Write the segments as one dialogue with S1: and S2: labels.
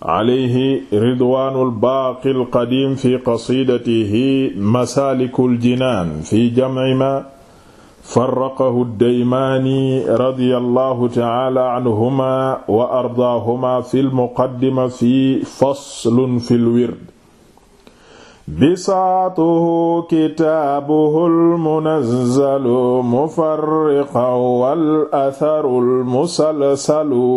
S1: alayhi ridwaanul baaqil qadiim fi qasiidatihi masaalikul jinaan fi jamci maa farraqahu daymaani radiyallahu ta'aala anhumaa wa ardaahumaa fil muqaddima fi faslun fil wird. bisaatuhu kitaabuhul munazzalu mufarriqan wal atharul musalsalu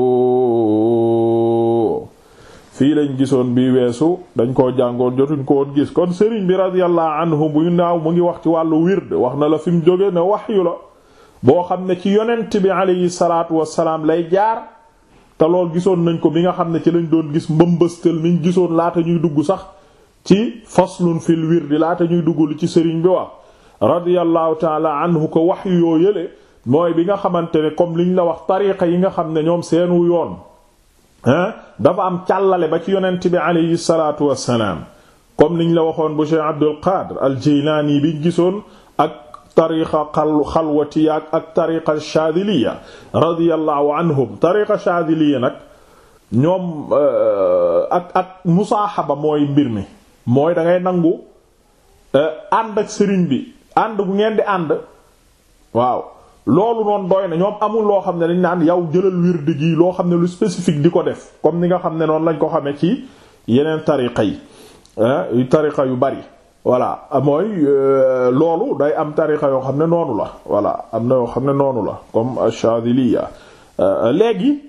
S1: fii lañ gisoon bi weesu dañ koo jàngoon jotuñ ko woon gis kon sëriñ bi radiyallahu anhu buy naaw mu ngi wax ci wàllu wird wax na la fi mu jóge ne wax waxyu la boo xam ne ci yonent bi alayhi salaatu wassalaam lay jaar te lool gisoon nañ ko bi nga xam ne ci lañ doon gis mbëmbëstal miñ gisoon laata ñuy dugg sax ci faslun fil wirdi laata ñuy dugg li ci sëriñ bi wax radiyallahu taala anhu ko waxyu yoo yële mooy bi nga xamante ne comme liñ la wax tariqa yi nga xam ne ñoom seenu yoon dafa am càllale ba ci yonent bi aleyhi salaatu wassalaam comme niñ la waxoon bu Cheikh Abdul Qadir al Jilani bi gisoon ak tariqa xalwatiya ak tariqa Shadiliya radiyallahu anhum tariqa Shadiliya nag ñoom euh, ak ak mooy mbir mi mooy da ngay nangu euh, ànd ak sëriñ bi ànd bu ngeen di ànd waaw loolu noonu doy na ñoom amul loo xam ne dañ naan yow jëlal wird gi loo xam ne lu spécifique di ko def comme ni nga xam ne noonu lañ ko xamee ci yeneen tariqa yi yu bari voilà mooy euh, loolu day am tariqa yoo xam ne noonu la voilà am na yoo xam ne noonu la comme ashadiliya euh, léegi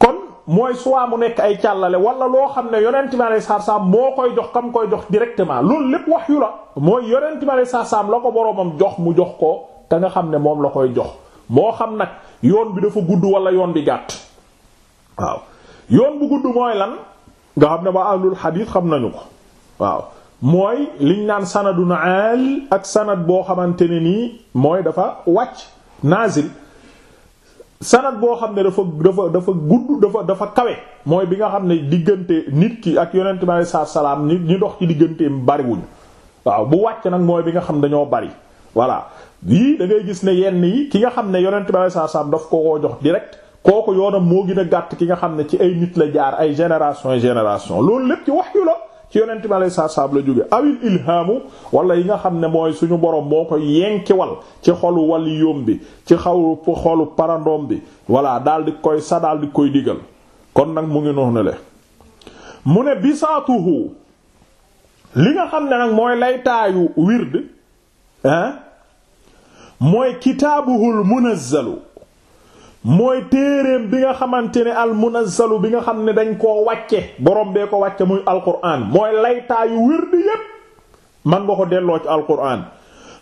S1: kon mooy soit mu nekk ay càllale wala loo xam ne yonent bi alayhi salaam moo koy jox kam koy jox directement loolu lépp wax yu la mooy yonent bi alayhi la ko boroomam jox mu jox ko te nga xam ne moom la koy jox moo xam nag yoon bi dafa gudd wala yoon bi gàtt waaw yoon bu gudd mooy lan nga xam ne ba ahlul xadiis xam nañu ko waaw mooy liñ naan sanadun al ak sanad boo xamante ne nii mooy dafa wàcc naazil sanad boo xam ne dafa dafa dafa gudd dafa dafa kawe mooy bi nga xam ne diggante nit ki ak yonent bi aleyhi salaatu salaam ñi dox ci digganteem bariwuñu waaw bu wàcc nag mooy bi nga xam dañoo bari voilà yii da ngay gis ne yenn yi ki nga xam ne yonent bi saa saam daf ko jox direct kooku yoonam moo gën a gàtt ki nga xam ne ci ay nit la jaar ay génération et génération loolu lépp ci wahyu la ci yonent bi alay saa saam la jóge awil ilhaamu wala yi nga xam ne mooy suñu borom moo ko yenkiwal ci xolu wali yom bi ci xaw xolu parandoom bi voilà daal di koy sa daal di koy digal kon nag mu ngi noonu le mu ne bisaatuhu li nga xam ne nag mooy wird mooy kitaabuhul munazzalu mooy téereem bi nga xamante ne al munazzalu bi nga xam ne dañ koo wàcce borom bee ko wàcce muy alquran mooy laytaayu wér di yépp man nga ko delloo ci alquran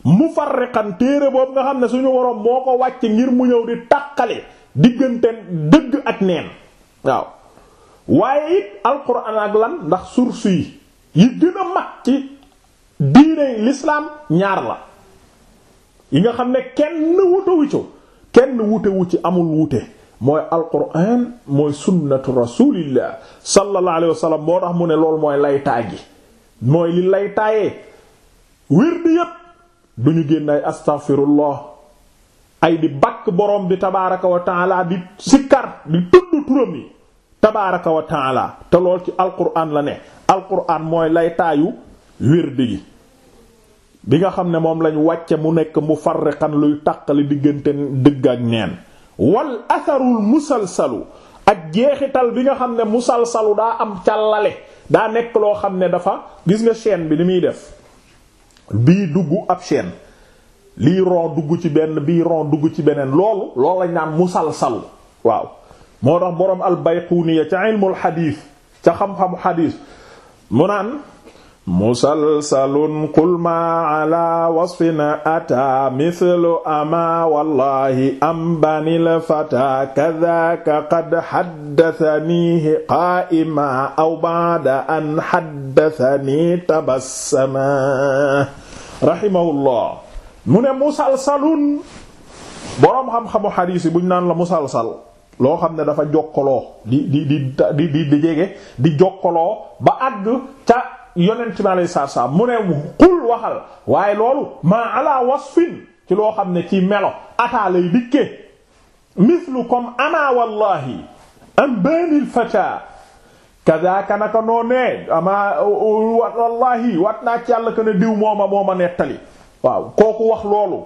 S1: mufarriqan téere boobu nga xam ne suñu borom moo ko wàccee ngir mu ñëw di tàqale diggante dëgg ak neen waaw waaye it alquran ak lan ndax source yi yi mag ci diine l'islam ñaar la yi nga xam ne kenn wutewu ci kenn wutewu ci amul wute mooy alquran mooy sunnatu rasulillah sallallahu alayhi wa tax mu ne loolu mooy laytaa gi mooy li laytaayee wird yépp du ñu génn ay astaghfirullah ay di bakk borom bi tabaaraka wa taala di sikkar di tudd turam yi tabaaraka wa taala te lool ci alquran la ne alquran mooy laytaayu wird gi bi nga xam ne moom lañ wàcce mu nekk mufarriqan luy tàqali diggante dëgg ak neen wal atharul musalsalu ak jeexital bi nga xam ne musalsalu daa am càllale daa nekk loo xam ne dafa gis nga seen bi li muy def bii dugg ab chaîne lii ron dugg ci benn bii ron dugg ci beneen loolu loolu lañ naan musalsalu waaw moo tax boroom al bayquniya ca ilmul xadiis ca xam-xamu xadiis mu naan musalsalun qul ma ala wasfina ata mithlu ama wallahi am banil fata kadhaka qad haddathanihi qa'ima aw ba'da an haddathani tabassama rahimahullah mu ne musalsalun boroom xam-xamu xadiis yi buñ naan la musalsal loo xam ne dafa jokkaloo di di di di di jege ba àgg yonent bi alayhi salaam mu ne xul waxal waaye loolu maa ala wasfin ci loo xam ne ci melo ataa lay dikke mislu comme ana wallahi am banil fata kadaka naka noo ne ama wallahi wat naa ci yàlla que ne diw mooma mooma nettali waaw kooku wax loolu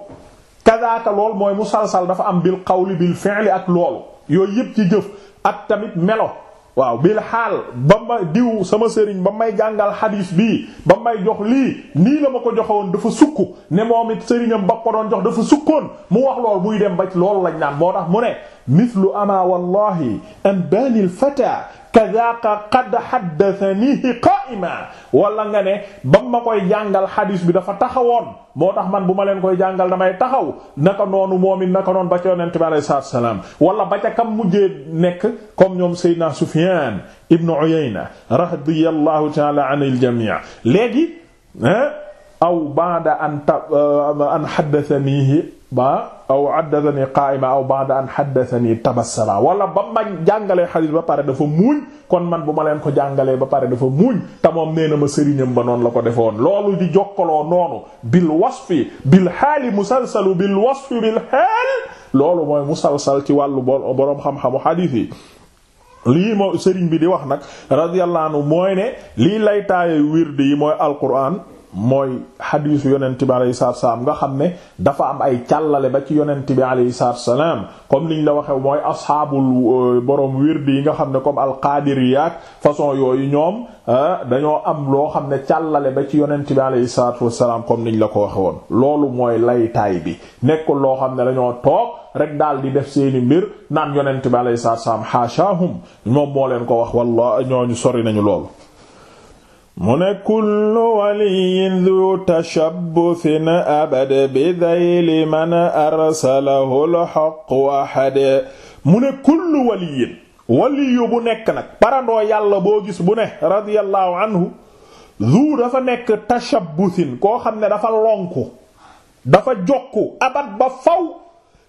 S1: kadaka lool mooy musalsal dafa am bil qawli bil fi'li ak loolu yooyu yëpp ci jëf ak tamit melo waaw bil xaal ba ma diw sama sëriñ ba may jàngal xadiis bii ba may jox lii nii la ma ko joxe woon dafa sukk ne moom it sëriñam ba ko doon jox dafa sukkoon mu wax lool buy dem ba lool lañ naan moo tax mu ne mislu ama wallahi an banil fata kazaaka qad haddathanihi qaa'ima wala nga ne ba ma koy jàngal hadis bi dafa taxawoon moo tax man bu ma leen koy jàngal damay taxaw naka noonu moom it naka noonu ba ca yonent bi alayhi salaam wala ba ca kam mujjee nekk comme ñoom Seydina Sufyaan ibn Uyayna radiyallahu ta'ala anil jamii léegi aw ba'da an an haddathanihi ba aw haddathani qaa'ima aw ba'da an haddathani tabassama wala ba ma jàngalee xadiis ba pare dafa muuñ kon man bu ma leen ko jàngalee ba pare dafa muuñ te moom nee na ma sëriñam ba noon la ko defoon loolu di jokkaloo noonu bil wasfi bil xaali musalsalu bil wasfi bil xaal loolu mooy musalsal ci wàllu boroom xam-xamu xadiis yi lii moo sëriñ bi di wax nag radiyallahu anhu mooy ne lii laytaaye wirdi yi mooy alquran mooy xadiisu yonent bi alayhi salaatu salaam nga xam ne dafa am ay càllale ba ci yonent bi alayhi salaatu salaam comme niñ la waxee mooy asxaabul euh, borom wirdi yi nga xam ne comme alqaadiri yaak façon yooyu ñoom euh, dañoo am loo xam ne càllale ba ci yonent bi alayhi salaatu wassalaam comme niñ la ko waxe woon loolu mooy laytaay bi nekkul loo xam ne dañoo toog rek daal di def seeni mbir naan yonent bi alayhi salaatu salaam xaashaahum moom moo leen ko wax walla ñooñu sori nañu lool mu ne kullu waliyin du tashabbuthin abad bi dayli man arsalahu lxaqu ahade mu ne kullu waliyin waliyu bu nekk nag parandoo yàlla boo gis bu ne radiyallahu anhu du dafa nekk tashabbuthin koo xam ne dafa lonku dafa jokku abad ba faw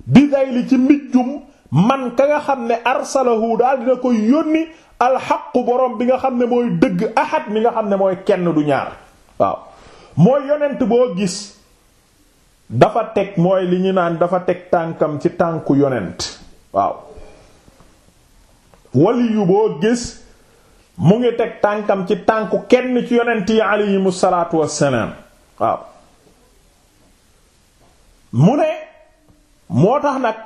S1: bi dayli ci mbijjum man ka nga xam ne arsalahu daal dina ko yónni alxaqu borom bi nga xam ne mooy dëgg ahad mi nga xam ne mooy kenn du ñaar waaw mooy yonent boo gis dafa teg mooy li ñu naan dafa teg tànkam ci tànku yonent waaw waliyu gis mu ngi teg tànkam ci tànku kenn ci yonent yi aleyhimu salaatu wassalaam waaw mu ne moo tax nag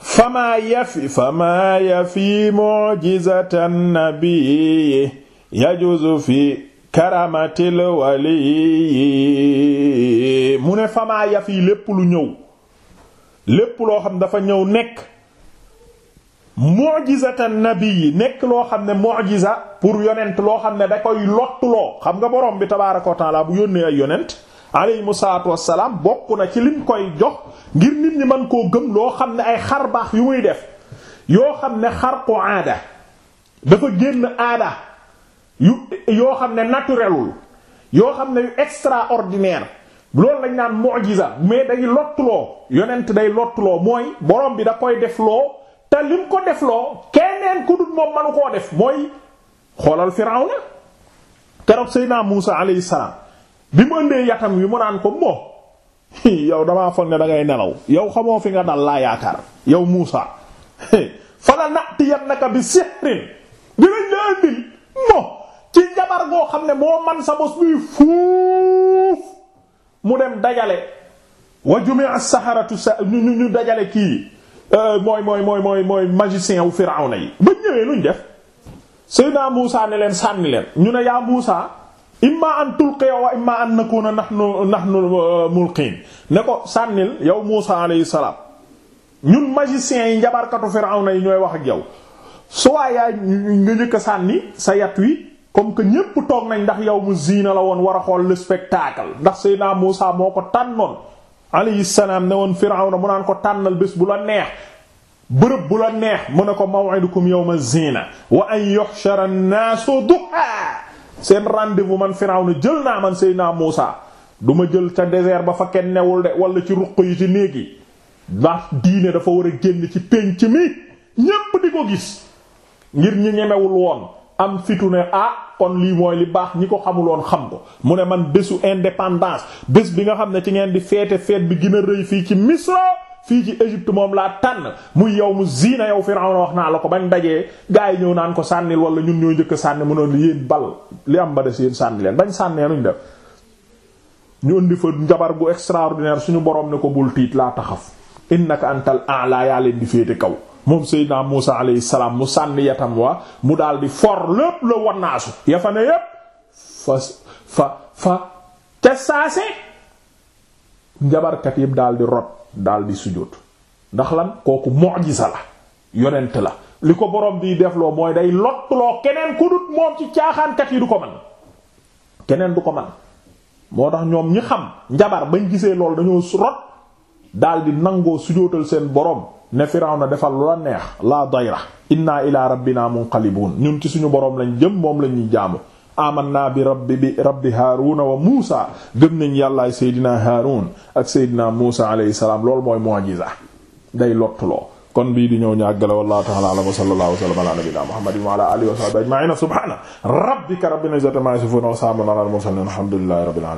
S1: famaa yafi famaa yafi mu'jizatan nabiyyi yajuzu fi karamatil waliyyi mu ne famaa yafi lépp lu ñëw lépp loo xam dafa ñëw nekk mu'jizatan nabiyyi nekk loo xam ne mu'jiza pour yonent loo xam ne da koy lottuloo xam nga borom bi tabaaraka wa taala bu yónnee ay yonent aleyhimu salaatu wassalaam bokk na ci lim koy jox ngir nit ñi mën koo gëm loo xam ne ay xar baax yu muy def yoo xam ne xarqu aada dafa génn aada yu yoo xam ne naturelul yoo xam ne yu extraordinaire loolu lañ naan mu'jiza mais day lottuloo yonent day lottuloo mooy borom bi da koy def loo te lim ko def loo keneen ku dut moom manu koo def mooy xoolal Firawna keroog Seydina Muusa alayhi salaam bi mu ëndee yatam wi mu naan ko moo yow damaa foog ne da ngay nelaw yow xamoo fi nga dal laa yaakaar yow Muusa fala natiyannaka bi sihrin dinañ la andil moo ci njabar goo xam ne moo man sa bos buy fuuf mu dem dajale wa jumi'a saharatu sa ñu ñu dajale kii euh, mooy mooy mooy mooy mooy magicien wu Firawna yi ba ñëwee luñ def Seydina Muusa ne leen sànni leen ñu ne yaa Muusa imma an tulqiya wa imma an nakuna nahnu nahnu uh, mulqiin ne ko sànnil yow Muusa alayhi salaam ñun magiciens yi njabarkatu Firawna yi ñooy wax ak yow suwaa yaay nga njëkk sànni sa yat wi comme que ñépp toog nañ ndax yow mu ziina la woon war a ndax Seydina Muusa moo ko tànnoon alayhi salaam ne woon Firawna mu ko tànnal bés bu la neex bërëb bu la neex mu ne ko maw'idukum yawma ziina wa an yuhshara an-naasu seen rendez-vous man Firawna jël naa man Seydina Muusa du ma jël ca désert ba fa kenn newul de wala ci ruq yi ci néeg yi ndax diine dafa war a génn ci pénc mi ñépp di ko gis ngir ñi ñemewul woon am fitu ne ah kon lii mooy li baax ñi ko xamuloon xam ko mu ne man bésu indépendance bés bi nga xam ne ci ngeen di feete feet bi gën a rëy fii ci Misra fii ci Égypte moom laa tànn muy yow mu ziina yow Firawna wax naa la ko bañ dajee gaa yi ñëw naan ko sànnil wala ñun ñoo njëkk sànni mu noon yéen bal li am ba des yéen sànni leen bañ sànnee nuñ def ñu indi fa njabar gu extraordinaire suñu borom ne ko bul tiit laa taxaf innaka antal a'la yaa leen di féete kaw moom Seydina Muusa alayhi salaam mu sànni yatam wa mu daal di for lépp la wannaasu ya fa ne yépp fa fa fa ca njabarkat yëpp daal di rot dal di sujjóot ndax lan kooku mu'jiza la yonent la li ko borom di defloo mooy day lottuloo keneen ku dut moom ci caaxaankat yi du ko man keneen du ko man moo tax ñoom ñi xam njabar bañ gisee loolu dañoo rot daal di nangoo sujjóotal seen borom ne Firawna defal lu la neex laa dayra inna ilaa rabbinaa munqalibuun ñun ci suñu borom lañ jëm moom lañuy jaamu amanna bi rabbi bi rabbi haaruna wa muusa gëm nañ yàllaay seydinaa haarun ak seydinaa muusa alayhi salaam loolu mooy mu'jiza day lottuloo kon bii di ñëw ñu àggale wallahu ta'ala a'lam wa sallallahu wa sallama ala nabiyyina muhammadin wa ala alihi wa sahbihi ajma'ina subhana rabbika rabbil izzati amma yasifun wa salamun ala al mursalin alhamdulillahi rabbil alamin